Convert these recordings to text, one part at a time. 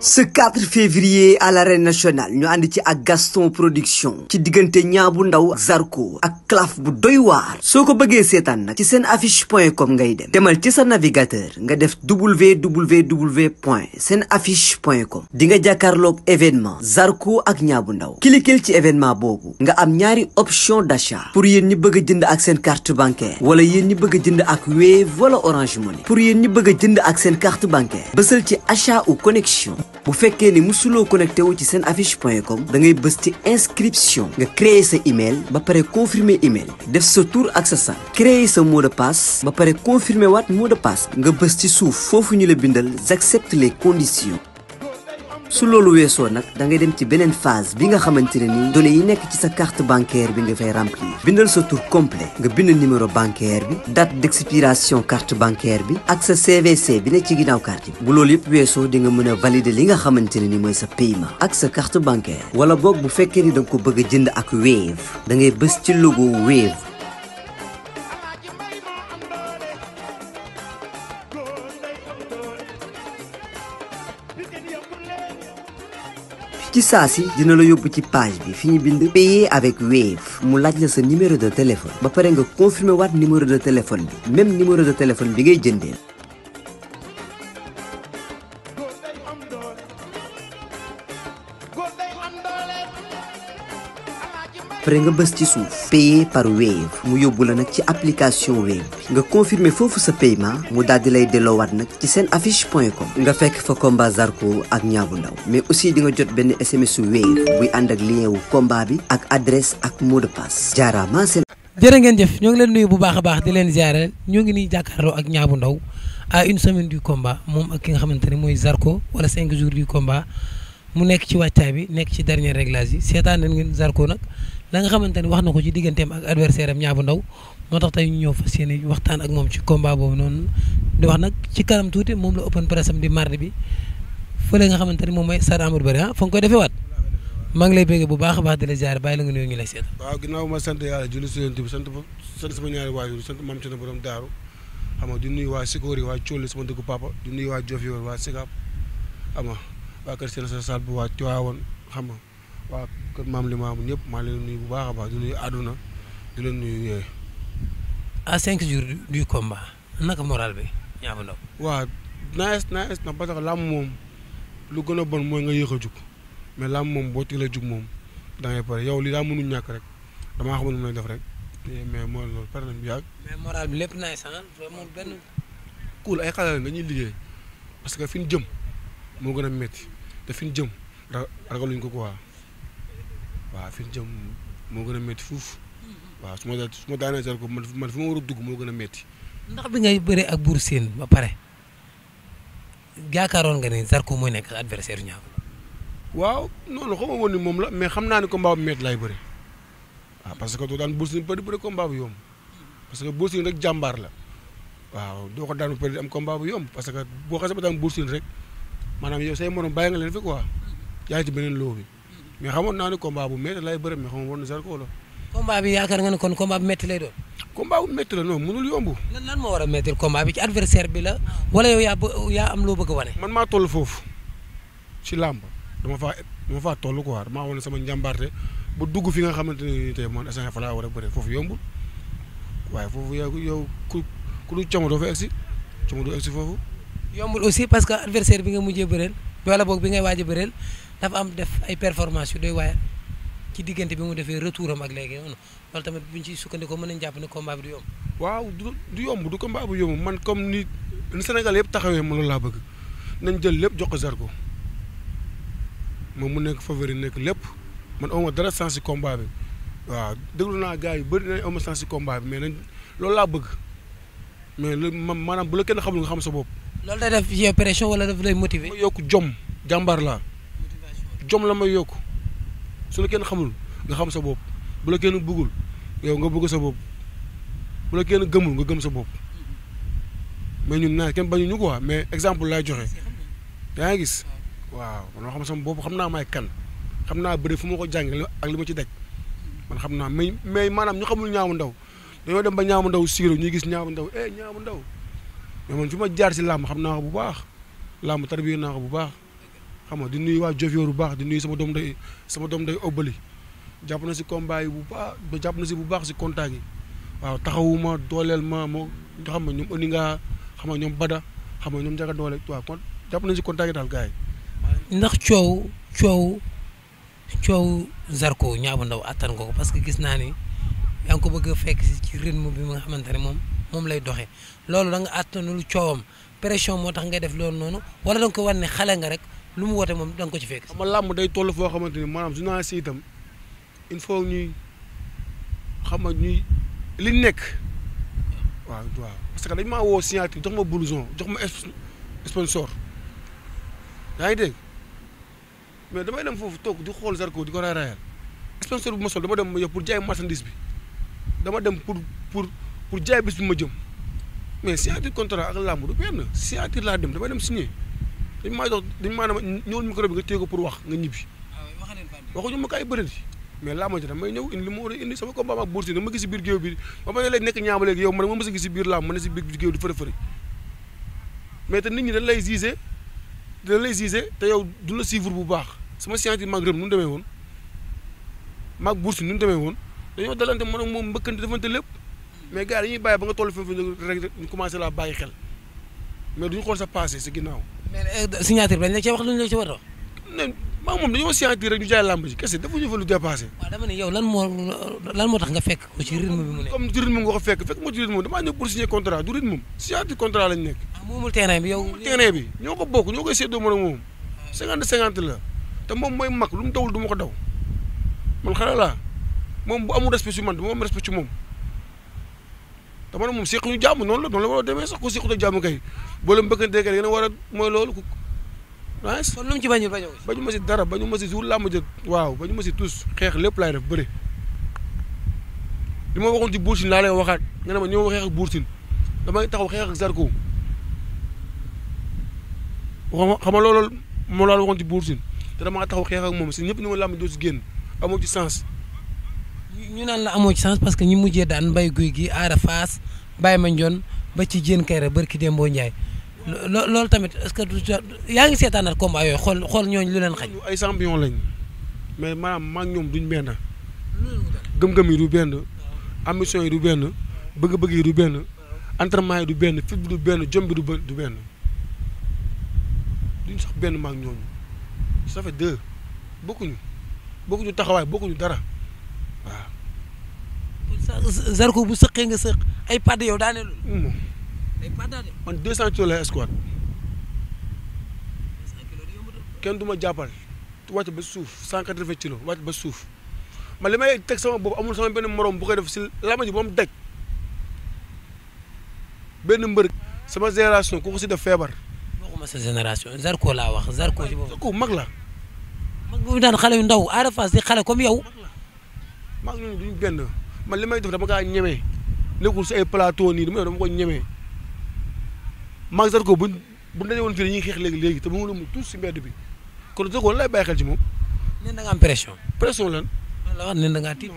ce 4 février à l'arène national ñu ànd ci ak Gaston production ci diggante ñaabu ndaw Zarko ak claf bu doy waar soo ko bëggee seetaan nag ci seen affiche point com ngay dem demal ci sa navigateur nga def www point seen affiche point com di nga jàkkaarloog événement Zarko ak ñaabu ndaw kilikil ci événement boobu nga am ñaari option d'achat pour yéen ñi bëgg jënd ak seen carte bancaire wala yéen ñi bëgg a jënd ak Wave wala Orange Money pour yéen ñi bëgg a jënd ak seen carte bancaire ci achat ou connexion bu fekkee ni musuloo connecté wu ci seen affiche point com dangay ngay bës ci inscription nga créer sa email ba pare confirmer email def sa tour ak sa sant créer sa mot de passe ba pare confirmer waat mot de nga bës ci suuf foofu ñu la bindal j'accepte les conditions su loolu weesoo nag da ngay dem ci beneen phase bi nga xamante ne nii données yi nekk ci sa carte bancaire bi nga fay remplir bindal sa tur complet nga bind numéro bancaire bi date d'expiration carte bancaire bi ak sa CVC bi ne ci ginnaaw carte bi bu loolu yëpp weesoo di nga mën a valider li nga xamante ne ni mooy sa paiement ak sa carte bancaire wala boog bu fekkee ni danga ko bëgg a jënd ak Wave da ngay bës ci logo Wave ci saa si dina la yóbbu ci page bi fi ñu bind payer avec Wave mu laaj la sa numéro de téléphone ba pare nga confirmer waat numéro de téléphone bi même numéro de téléphone bi ngay jëndee pare nga bës ci suuf payer par Wave mu yóbbu la nag ci application Wave nga confirmer foofu sa paiement mu daal di lay delloowaat nag ci seen affiche point com nga fekk fa combat Zarko ak ñaabu ndaw mais aussi di nga jot benn SMS Wave buy ànd ak lien wu combat bi ak adresse ak mot de passe ma seen. jërë ngeen jëf ñoo ngi leen nuyu bu baax a baax di leen ziare ñoo ngi nii jàkkaarloo ak ñaabu ndaw à une semaine du combat moom ak ki nga xamante ne mooy Zarko wala cinq jours du combat mu nekk ci wàccaay bi nekk ci dernier réglage yi seetaan nañ ngeen Zarko nag. la nga xamante ne wax na ko ci digganteem ak adversaire am ñaabu ndaw moo tax tey ñu ñëw fas yéene waxtaan ak moom ci combat boobu noonu di wax nag ci kanam tuuti moom la open press am di mardi bi fële nga xamante ne moom mooy Stade Amadou Barry ah fa nga koy defee waat maa ngi lay bëgg bu baax a baax di la ziare bàyyi la nga ñu lay seet. waaw ginnaaw ma sant yàlla julli si yonent bi sant ba sant sama ñaari waajur sant maam ci na borom daaru xam nga di nuyu waa Sikori waa Thiolli sama dëkku papa di nuyu waa Diofior waa Sikap xam nga waa Kër Sina sa bu waa Tiwaawoon xam nga waa kër maam bu ñëpp maa leen nuyu bu baax a baax di nuyu àdduna di la nuyu yooyu. à cinq jours du combat naka moral bi Niang Bou Ndaw. waaw naaj naaj na parce que moom lu gën a bon mooy nga yéex a jug mais làmb moom boo teel a jug moom da ngay pare yow li daa mënul ñàkk rek damaa xamul mu lay def rek mais moo loolu pare nañ bu yàgg. mais moral bi lépp naaj ah, sax moom benn. ay xale lañ dañuy liggéey parce que fi ñu jëm moo gën a métti te fi ñu jëm ra ragaluñ ko quoi. waaw fi ñu moo gën a metti fuuf waaw su ma da su ma daanee Zarko man man fi ma war a dugg moo gën a métti. ndax bi ngay bëree ak Bour Sine ba pare yaakaaroon nga ne Zarko mooy nekk adversaire ñaaw. waaw noonu xaw ma woon moom la mais xam naa ne combat bu métti laay bëri waaw parce que doo daan Bour Sine bëri bëri combat bu yomb parce que Bour Sine rek jàmbaar la waaw doo ko daan bëri am combat bu yomb parce que boo xasee ba daan Bour Sine rek maanaam yow say morom bàyyi nga leen fi quoi yaa ngi ci beneen bi. mais xamoon naa ne combat bu métti lay bëre mais xamoon woon na Zarko la. combat bi kon combat bu métti lay doon. combat bu la noonu mënul yomb. lan lan moo war a métti combat bi ci adversaire bi wala yow yaa yaa am loo bëgg a wane. man maa toll foofu ci làmb dama faa dama faa toll quoi damaa wane sama njàmbaarte bu dugg fi nga xamante ne nii tey a bëre foofu yombul waaye foofu yow yow ku ku du coomo doo fa egsi coomo doo egsi foofu. yombul aussi parce que adversaire bi nga mujjee bëreel wala a bëreel dafa am def ay performance yu doy waaye ci diggante bi mu defee retour am ak léegi noonu loolu tamit bu ñu ciy sukkandikoo mën nañ jàpp ne combat bi du yomb. waaw du du yomb du combat bu yomb man comme ni ni yëpp taxawee ma laa bëgg nañ jël lépp jox ko Zarko moom mu nekk favori nekk lépp man aw ma dara sens ci combat naa gars yu bëri nañ aw ma sens ci combat loolu laa bëgg mais lu ma maanaam bu la kenn xamul nga xam sa bopp. loolu day def yow pression wala daf lay motiver. ma yokk jom jàmbaar laa. jom la may yokk su la kenn xamul nga xam sa bopp bu la kenn bëggul yow nga bugg sa bopp bu la kenn gëmul nga gëm sa bopp mais ñun naa kenn bañu ñu quoi mais exemple laay joxe yaa ngi gis waaw man ma xam sama bopp xam naa may kan xam naa bëri fu ma ko jàngale ak li ma ci daj man xam naa mais mais maanaam ñu xamul ñaamu ndaw dañoo dem ba ñaamu ndaw siiru ñuy gis ñaamu ndaw eh ñaamu ndaw mais man fi ma jaar si làmb xam naa ko bu baax làmb tarbiya naa ko bu baax. xam nga di nuyu waa Jofior bu baax di nuyu sama doom day sama doom day obbali jàpp si combat bu baax jàpp na si bu baax si contact yi waaw taxawuma dooleel ma moo xam nga ñoom ëndi ngaa xam nga ñoom bada xam nga ñoom jaga doole waaw kon si contact yi daal gars ndax coow coow coow Zarko ñaabu ndaw attan parce que gis naa ni yaa ngi ko bëgg a fekk ci rythme bi nga xamante ne moom moom lay doxe loolu da nga attanul coowam pression moo tax ngay def loolu noonu wala da nga ko war ne xale nga rek. lu mu woote moom da nga ko ci fekk. xam day toll foo xamante ni maanaam journaliste yi itam il faut ñuy xam nga ñuy li nekk waaw waaw parce que dañ maa woo signature jox ma blouson jox ma sponsor yaa ngi dégg mais damay dem foofu toog di xool Zarko di ko raayal sponsor bu ma sol dama dem ma pour jaay marchandise bi dama dem pour pour pour jaay bis bi ma jëm mais signature contrat ak làmb du benn signature laa dem damay dem si signer dañu maa jox dañu maa ne ma ñëwul micro nga téye pour wax nga ñibbi waxuñu ma kaay bëri mais laa ma ci damay indi li ma a indi sama combat ak Bour Sine ma gis si biir géew bi di fëri fëri mais te nit ñi dañ lay gisé dañ lay gise te yow du la suivre bu baax sama science yi maag rëm nu demee woon maag Bour Sine nu demee woon dañoo dalante man ak moom mbëkkante defante lépp mais gars yi dañuy bàyyi ba nga toll foofu rek ñu commencé laa bàyyi xel mais duñu xool sa passé si ginna mais euh, signature bañ la ci wax luñ la ci war a wax. maa moom ñu jaay làmb ji kese dafa ñu fa lu dépassé. waaw dama ne lan moo lan moo tax nga fekk ko ci rythme bi mu nekk. fekk fekk moo ci rythme damaa ñëw pour signer contrat du rythme signature contrat lañ nekk. ah moomul terrain bi yow. terrain bi ñoo ko bokk ñoo koy séddoo mën a moom. 50 50 la te moom mooy mag lu mu dawul du ma ko daw man xanaa laa moom bu amul respect ci man du ma am respect ci moom dama ne moom seq ñu jàmm noonu la noonu la war a demee sax ku sequt ak jàmm kay boo leen bëggantee kat yéen a a mooy loolu ku ah. kon lu ci bañul bañoo bañu ma si dara bañu ma si suul làmb jëg waaw bañu ma si tus xeex lépp laay def bëri li ma waxoon ci Bour Sine laa lay waxaat nga ne ma ñëw xeex ak Bour Sine damay taxaw xeex ak Zarko xam nga loolu moo laa waxoon ci Bour Sine te damaa taxaw xeex moom si ñëpp ni ma làmb doo si génn amoo ci sens. ñu naan la amoon ci sens parce que ñi mujjee daan bay guy gi aara faas bàyyi ma njoon ba ci jéen ki dem démboo njaay loolu tamit est-ce que du yaa ngi seetaanaat combat yooyu xool xool ñooñu lu leen xañ. ay champion lañ mais maanaam maag ñoom duñ benn gëm-gëm yi du benn ambition yi du benn bëgg-bëgg yi du benn entraînement yi du benn fit bi du benn jom du du benn duñ sax benn maag ñooñu ça fait deux bokkuñu bokkuñu taxawaay bokkuñu dara waaw. Zarko bu sëqee nga sëq ay pàdde yow daaneel. man 200 kilos lay squat kenn du ma jàppal wàcc ba suuf 180 kilos wàcc ba suuf man li may teg sama bopp amul sama benn morom bu koy def si lama ji ba benn mbër sama génération ku ko si def feebar. waxuma sa génération Zarko laa wax Zarko ci boobu. mag la. mag boobu daan xale yu ndaw Ada Fass di xale comme yow. mag ñun duñ benn man li may def dama kaa ñeme nekkul si ay plateau nii dama dama ko ñeme. maag Zarko buñ bu daje woon fii dañuy xeex léegi léegi te mu ngi doon mu tuus si mbedd bi kon Zarko lan lay bàyyi xel ci moom. nee na nga am pression. pression lan. lan la wax nee na ngaa tiit.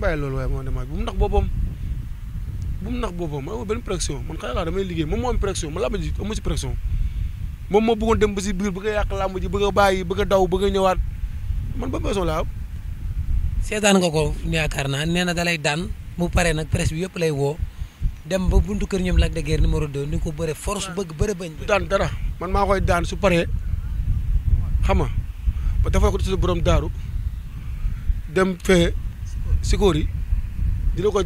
bàyyi loolu waaye moom demaat bu mu nax boppam bu mu nax boppam man amul benn pression man xanaa laa damay liggéey moom moo am pression ma làmb ji amu ci pression moom moo bëggoon dem ba si biir bëgg a yàq làmb ji bëgg a bàyyi bëgg daw bëgg a ñëwaat man ba pression laa am. seetaan nga ko yaakaar naa nee na da daan mu pare nag presse yëpp lay woo. dem ba buntu kër ñoom Lac de Guiers numéro 2 ni ko bëre force bëgg bëre bañ. daan dara man maa koy daan su paree xam nga ba defal ko ci borom daaru dem fee sikóor yi dina ko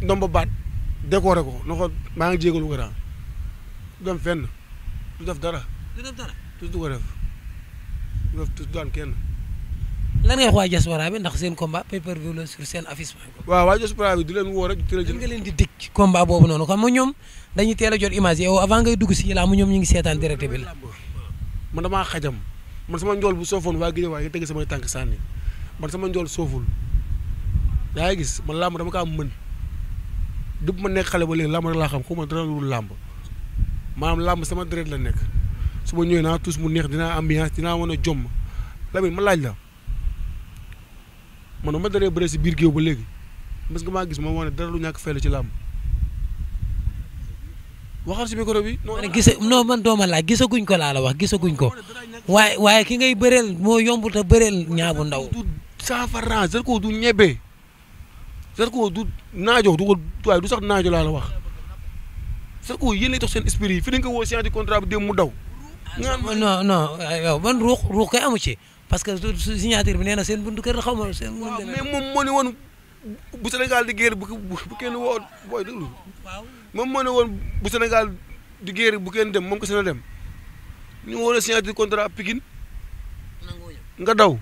ndomba baat décoré ko na ko maa ngi jégalu ko daal du dem fenn du def dara. du def dara. du ko def du def du daan kenn. lan ngay wax waa diaspora bi ndax seen combat seen affiche waaw waa diaspora bi di leen woo rek di teel a jël nga leen di dikk boobu noonu xam nga ñoom dañuy teel a jot image yow avant ngay dugg si laa mu ñoom ñu ngi seetaan direct bi la man damaa xajam man sama njool bu soofoon waa Guèye waaye nga teg samay tànk sànni man sama njool sooful yaa gis ma làmb dama kaa mën dëpp ma nekk xale ba léegi làmb rek laa xam ko ma dara lu làmb maanaam làmb sama deret la nekk su ma ñëwee naa tous mu neex dinaa ambiance dinaa mën a jomm Lamine ma laaj la man ba ma daree bëre si biir géew ba léegi parce que maa gis moom moo ne dara lu ñàkk fayal ci làmb waxal si micro bi. non gise non man dooma laaj gisaguñ ko laa la wax gisaguñ ko waaye waaye ki ngay bëreel moo yombul te bëreel bu ndaw. du saafara Zarko du ñebe Zarko du naajo du ko waaye du sax naajo laa la wax Zarko yéen lay tax seen esprit yi fi dañ ko woo séance du contrat bi dem mu daw. Ah, non non yow man ruux ruux kay amu ci. parce que su signature bi nee na seen buntu kër ma seen. waaw mais moom moo ne woon bu Sénégal di guerre bu bu kenn woo booy déglu. waaw moom moo woon bu Sénégal di guerre bu kenn dem moom ko seen a dem ñu woon a signature contrat Pikine nga daw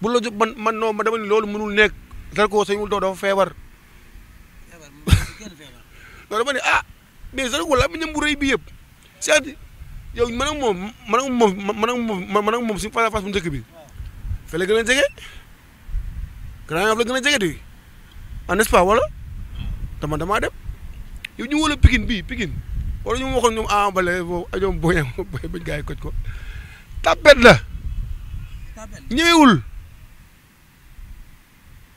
bu la jóg man man non ma dama loolu mënul nekk dara ko sañul daw dafa feebar. feebar dama ah mais sax wala am ñam bu rëy bi yëpp yow man ak moom man ak moom man ak moom man ak moom suñu face à face bu njëkk bi fële la gën a jege Grand Yoff la gën a jege di ah n'est-ce pas wala dama damaa dem yow ñu wala Pikine bii Pikine wala ñu waxoon ñoom ah Mbale boobu ak ah, ñoom Boye Boye bañ gaa yi ko ko tapet la. ñëwewul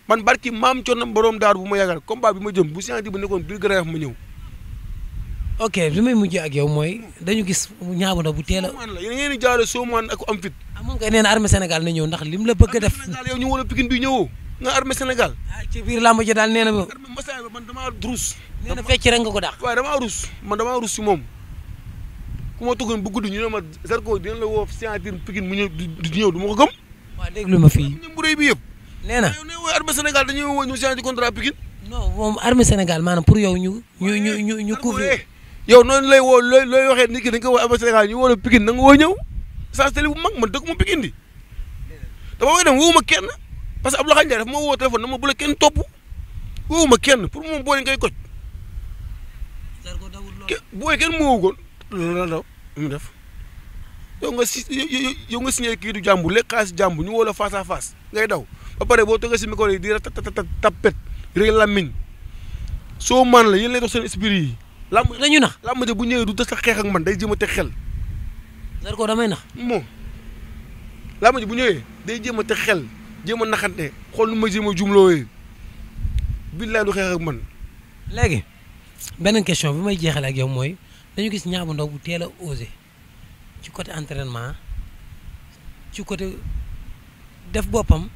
man barki maam coono borom daar bu ma yàggal combat bi ma jëm bu si di bu nekkoon biir Grand Yoff ma ñëw. ok li may mujjee ak yow mooy dañu gis ñaabu na bu teel a. man la yéen ngeen di jaaree Soomaan ak am fit. ah moom kay nee na Sénégal na ñëw ndax lim la bëgg a def. yow ñu woon Pikine bi ñëwoo nga armée Sénégal. ah na. armée Massa man damaa rus. nee na fecc rek nga si moom ku ma toogoon bu guddi ñu ne ma Zarko dina la woo signature Pikine mu ñëw du ñëw du ma ko gëm. waaw déglu ma fii. ñoom bu rëy bi yëpp. nee na yow nee armée Sénégal dañuy woo ñu signature contrat Pikine. non moom Sénégal maanaam pour yow ñu ñu ñu ñu yow noonu lay woo looy looy waxee nit ki dañ ko woo Abba Sénégal ñu woo la Pikine na nga woo ñëw sans télé bu mag man dëkk mu Pikine di dama koy dem woowuma kenn parce que Abdoulaye Ndiaye dafa ma woo téléphone na ma bu la kenn topp ma kenn pour moom booy ngay koy koj. booy kenn mu woo ko loolu la mu def yow nga si yow nga signé kii du jàmbur lekk xaalis jàmbur ñu woo la face à face ngay daw ba pare boo toogee si micro yi di la tapet rek làmmiñ soo man la yéen lay dox seen esprit yi. làmb dañuy nax làmb bu ñëwee du tës a xeex ak man day jéem a teg xel. Zarko damay nax. moom làmb bu ñëwee day jéem a teg xel jéem a naxante xool nu ma jéem a jumloowee billaay du xeex ak man. léegi beneen question bi may jeexale ak yow mooy dañu gis Niang bu Ndaw bu teel a osé ci côté entraînement ci côté def boppam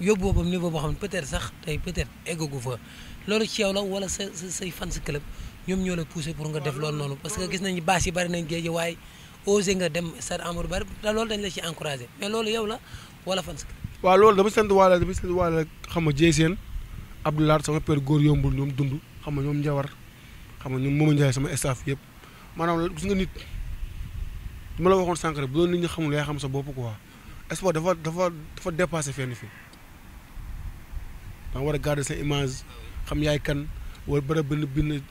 yóbbu boppam niveau boo xam ne peut-être sax tey peut-être eggagu fa loolu ci yow la wala sa say fan sa club. ñoom ñoo la poussé pour nga def loolu noonu parce que gis nañu baas yi bari nañ géej waaye osé nga dem stade Amadou Barry te loolu dañ la ci encouragé mais loolu yow la wala fans waaw loolu dama sant waale dama sant waale xam nga Dieye Sène Abdoulaye sama père góor yombul ñoom dund xam nga ñoom njawar xam nga ñoom mooma njaay sama staff yëpp maanaam gis ma la waxoon sànq rek bu xamul yaay xam sa bopp quoi sport dafa dafa dafa dépassé fenn fi danga war a garder sa image xam yaay kan wala bëra benn benn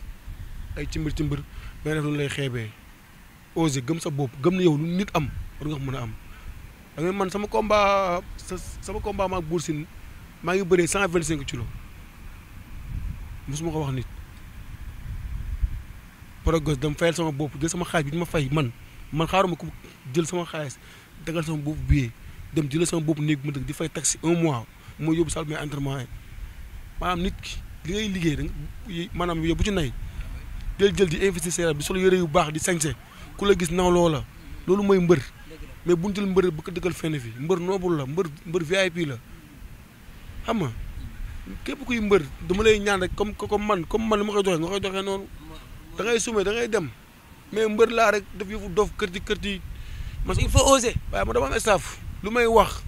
ay cimbir cimbir ngay def lu lay xeebee osé gëm sa bopp gëm na yow lu nit am war nga mën a am da ngay man sama combat sama combat maag Bour maa ngi bëree cent vingt cinq kilos mosuma ko wax nit progrès dama fayal sama bopp sama xaalis bi di ma fay man man xaaruma ko jël sama xaalis dagal sama bopp billet dem jëlee sama bopp néeg ma dëkk di fay taxi un mois moo yóbbu salle mais entraînement nit ki li ngay liggéey da nga maanaam yow bu ci nay del jël di investir seen di sol yére yu baax di sañse ku la gis naw loola loolu mooy mbër mais bu ñu jël mbër ba ko dëkkal fenn fi mbër noobul la mbër mbër VIP la xam nga képp kuy mbër dama lay ñaan rek comme comme man comme man ma koy joxe nga koy joxe noonu da ngay sumé da ngay dem mais mbër laa rek daf yëfu dof kërti kërti man il faut oser waaye ma dama am staff lu may wax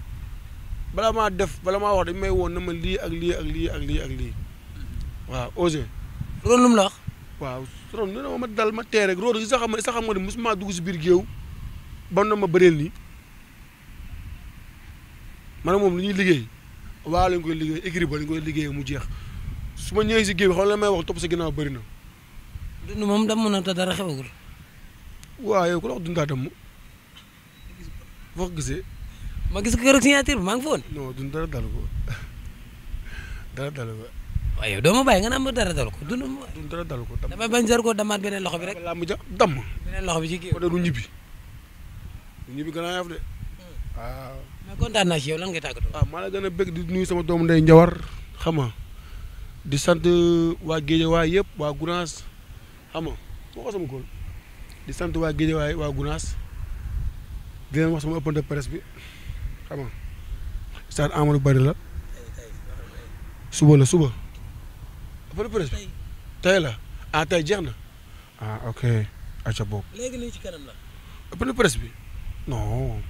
bala maa def bala maa wax dañ may woon na ma lii ak lii ak lii ak lii ak lii waaw oser loolu lu mu la wax waaw ron nee na ma dal rek sax xam nga sax xam nga dugg si biir géew na ma bëreel nii man moom lu ñuy liggéey waaw lañ koy koy liggéey mu jeex su ma ñëwee si may wax topp sa ginnaaw bëri na. dund moom damm na te dara xewagul. waaw yow ku la dundaa damm foo ko gisee. ma gis ko keroog signature bi maa ngi foon. non dund dara dal ko dara dal ko. waaye yow doo ma bàyyi nga naan ma dara dal ko dund ma. dund dara dal ko dam damay bañ rek. làmb ja dam. beneen loxo bi ci kii. la gën a bëgg di nuyu sama doomu ndey Njawar xam di sant waa Guédiawaye yëpp waa Gounass xam nga moo sama góor di sant waa Guédiawaye waa Gounass di leen wax sama ëppante presse bi xam nga stade Amadou Barry la suba la suba. open presse bi la ah tey jeex na ah ok aca boobu. léegi nii la. open bi non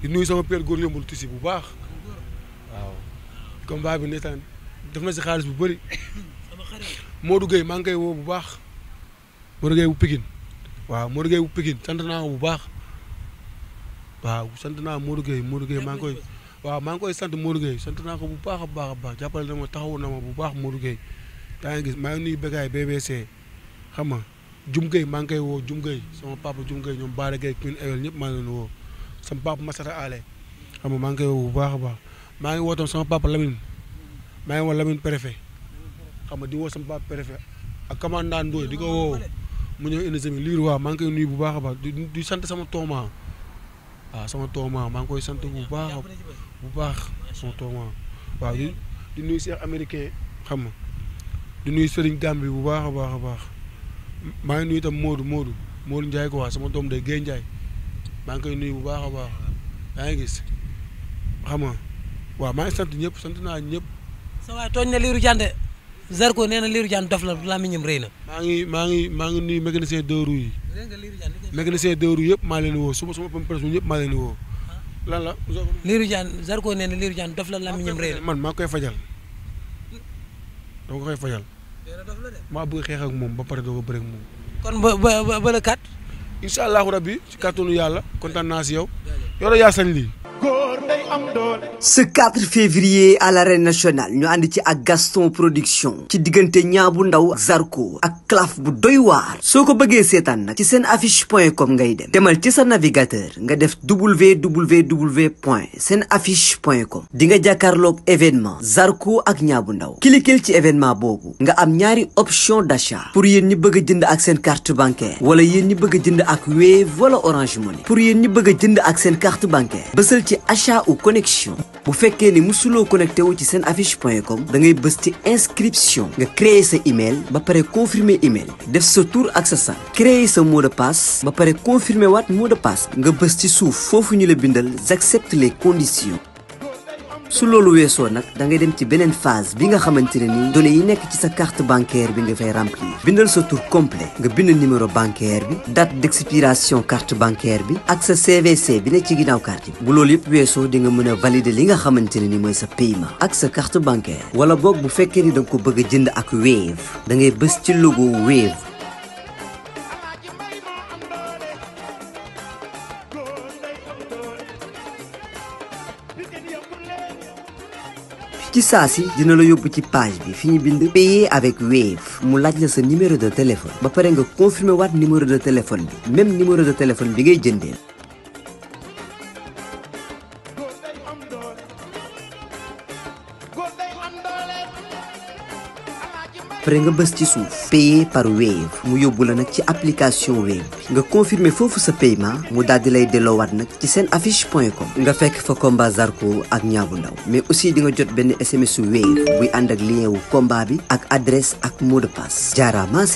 di nuyu sama père góor yëmbul tisi bu baax waaw combat bi netaan def na si xaalis bu bëri Modou Gueye maa ngi koy woo bu baax Modou Gueye bu Pikine waaw Modou Gueye bu pikin sant naa ko bu baax waaw sant naa Modou Gueye Modou Gueye maa ngi koy waaw maa ngi koy sant Modou Gueye sant naa ko bu baax baax baax jàppale na ma taxawu na ma bu baax Modou Gueye yaa ngi gis maa ngi nuyu Bécaye BBC xam nga Dioum Gueye maa ngi koy woo Dioum Gueye sama papa Dioum Gueye ñoom Baara Gueye Queen Ewel ñëpp maa ngi leen woo sama papa Massata Ale xam nga maa ngi woo bu baax a baax maa ngi woo tam sama papa Lamine maa ngi woo Lamine xam nga di woo sama papa préfet ak commandant Ndoye di ko woo mu ñëw indi sami liir waa maa ngi koy nuyu bu baax a baax di sant sama tooma waaw sama tooma maa ngi koy sant bu baax bu baax sama tooma waaw di nuyu Cheikh américain xama di nuyu Serigne Gambi bu baax a baax a baax maa ngi nuyu itam Modou Modou Modou Ndiaye ko wax sama doom day Guèye Ndiaye maa ngi koy nuyu bu baax a baax yaa ngi gis xam nga waaw maa ngi sant ñëpp sant naa ñëpp. sa waay tooñ na Lirou Diane de Zarko nee na Lirou Diane dof la làmmiñam rëy na. maa ngi maa ngi maa ngi nuyu mécanicien deux roues yi. mécanicien deux roues yëpp maa leen woo su ma su ma pamperes maa leen woo. Ah. lan la. Lirou Diane Zarko nee na Lirou Diane dof la làmmiñam rëy na. man maa koy fajal dama koy fajal. maa bëgg xeex ak moom ba pare doo ko bëre ak moom. kon ba ba ba la kat. incha allahu rabi ci kàttanu yàlla kontaan naa si yow. yow yaa sañ lii. ce 4 février à l'arène nationale ñu ànd ci ak Gaston production ci diggante ñaabu ndaw Zarko ak claf bu doy waar soo ko bëggee seetaan nag ci seen affiche point com ngay dem demal ci sa navigateur nga def www point seen affiche point com di nga jàkkaarloog événement Zarko ak ñaabu ndaw kilikil ci événement boobu nga am ñaari option d'achat pour yéen ñi bëgg jënd ak seen carte bancaire wala yéen ñi bëgg a jënd ak Wave wala Orange Money pour yéen ñi bëgg a jënd ak seen carte bancaire ci achat ou connexion bu fekkee ni musuloo connecté wu ci seen affiche point com dangay bësti bës nga créer sa email ba pare confirmer email def sa tour ak sa sant créer sa mot de passe ba pare confirmer waat mot de nga bës ci suuf foofu ñu la bindal j'accepte les conditions su loolu weesoo nag da ngay dem ci beneen phase bi nga xamante ne ni données yi nekk ci sa carte bancaire bi nga fay remplir bindal sa tur complet nga bind numéro bancaire bi date d'expiration carte bancaire bi ak sa CVC bi ne ci ginnaaw carte bi bu loolu yëpp weesoo di nga mën a valider li nga xamante ne ni mooy sa paiement ak sa carte bancaire wala boog bu fekkee ni da nga ko bëgg a jënd ak Wave dangay bés ci logo Wave ci saa si dina la yóbbu ci page bi fi ñu bind payer avec Wave mu laaj la sa numéro de téléphone ba pare nga confirmer waat numéro de téléphone bi même numéro de téléphone bi ngay jëndee après nga bës ci suuf payer par Wave mu yóbbu la nag ci application Wave nga confirmer foofu sa payman mu daal di lay delloowaat nag ci seen affiche point com nga fekk fa combat Zarko ak ñaabu ndaw mais aussi di nga jot benn SMS Wave buy ànd ak lien wu combat bi ak adresse ak mot de